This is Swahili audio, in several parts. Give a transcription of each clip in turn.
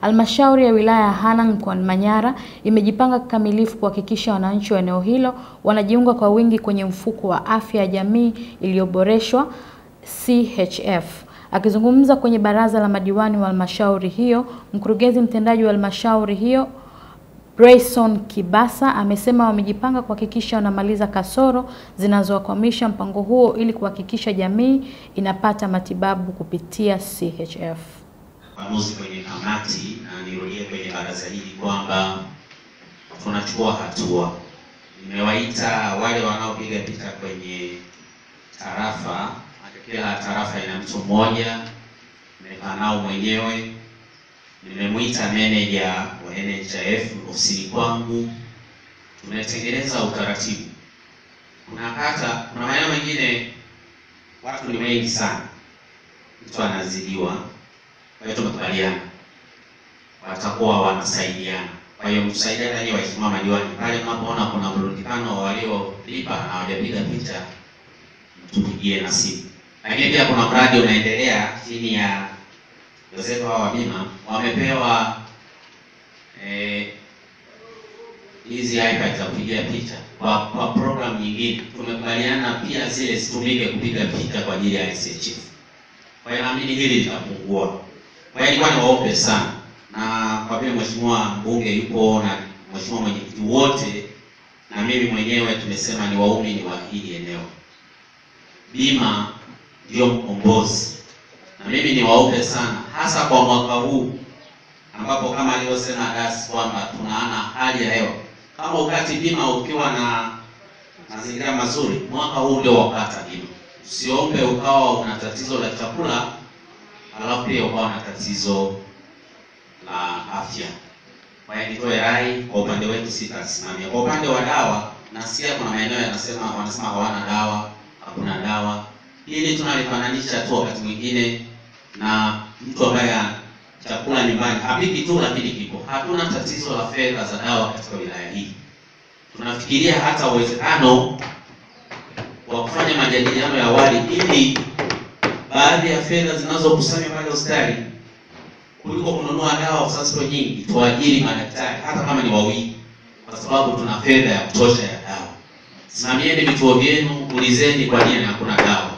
Halmashauri ya wilaya ya Hanang mkoani Manyara imejipanga kikamilifu kuhakikisha wananchi wa eneo hilo wanajiunga kwa wingi kwenye mfuko wa afya ya jamii iliyoboreshwa CHF. Akizungumza kwenye baraza la madiwani wa halmashauri hiyo, mkurugenzi mtendaji wa halmashauri hiyo brayson Kibasa amesema wamejipanga kuhakikisha wanamaliza kasoro zinazowakwamisha mpango huo ili kuhakikisha jamii inapata matibabu kupitia CHF balozi kwenye kamati, na nirudie kwenye baraza hili kwamba tunachukua hatua. Nimewaita wale wanaopiga picha kwenye tarafa, kila tarafa ina mtu mmoja, nimekaa nao mwenyewe. Nimemwita meneja wa NHIF ofisini kwangu, tunatengeneza utaratibu. Kuna kata, kuna maeneo mengine watu ni wengi sana, mtu anazidiwa watakubaliana, watakuwa wanasaidiana. Kwa hiyo msaidiane nyinyi waheshimiwa madiwani, pale mnapoona kuna mrundikano waliolipa na hawajapiga picha, mtupigie na simu. Lakini pia kuna mradi unaendelea chini ya Yosefu wa bima wamepewa eh, hizi eh, iPad za kupigia picha kwa, kwa program nyingine. Tumekubaliana pia zile zitumike kupiga picha kwa ajili ya ICHF. Kwa hiyo naamini hili litapungua. Walikuwa ni waope sana, na kwa vile mheshimiwa mbunge yupo na mheshimiwa mwenyekiti wote na mimi mwenyewe tumesema ni waumini wa hili eneo. Bima ndiyo mkombozi, na mimi ni waope sana, hasa kwa mwaka huu ambapo kama alivyosema Dasi kwamba tunaana hali ya hewa kama ukati bima ukiwa na mazingira mazuri, mwaka huu ndio wapata bima. Usiombe ukawa una tatizo la chakula alafu pia ukawa na tatizo la afya. Kwa hiyo nitoe rai kwa upande wetu, tasimamia Kwa upande wa dawa, nasikia kuna maeneo yanasema, wanasema hawana dawa, hakuna dawa. Hili tunalifananisha tu wakati mwingine na mtu ambaye chakula nyumbani hapiki tu, lakini kipo. Hatuna tatizo la fedha za dawa katika wilaya hii. Tunafikiria hata uwezekano wa kufanya majadiliano ya awali ili baadhi ya fedha zinazokusanywa pale hospitali kuliko kununua dawa kwa sasa nyingi, tuajiri madaktari hata kama ni wawili, kwa sababu tuna fedha ya kutosha ya dawa. Simamieni vituo vyenu, ulizeni kwa nini hakuna dawa,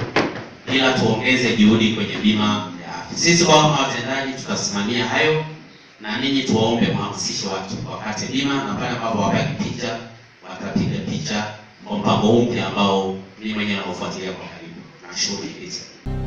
ila tuongeze juhudi kwenye bima ya afya. Sisi kwa kama watendaji tutasimamia hayo, na ninyi tuwaombe mhamasishe watu wakate bima, na pale ambapo wapaki picha watapiga picha kwa mpango mpya ambao mimi mwenyewe naufuatilia kwa karibu. na shughuli hizi.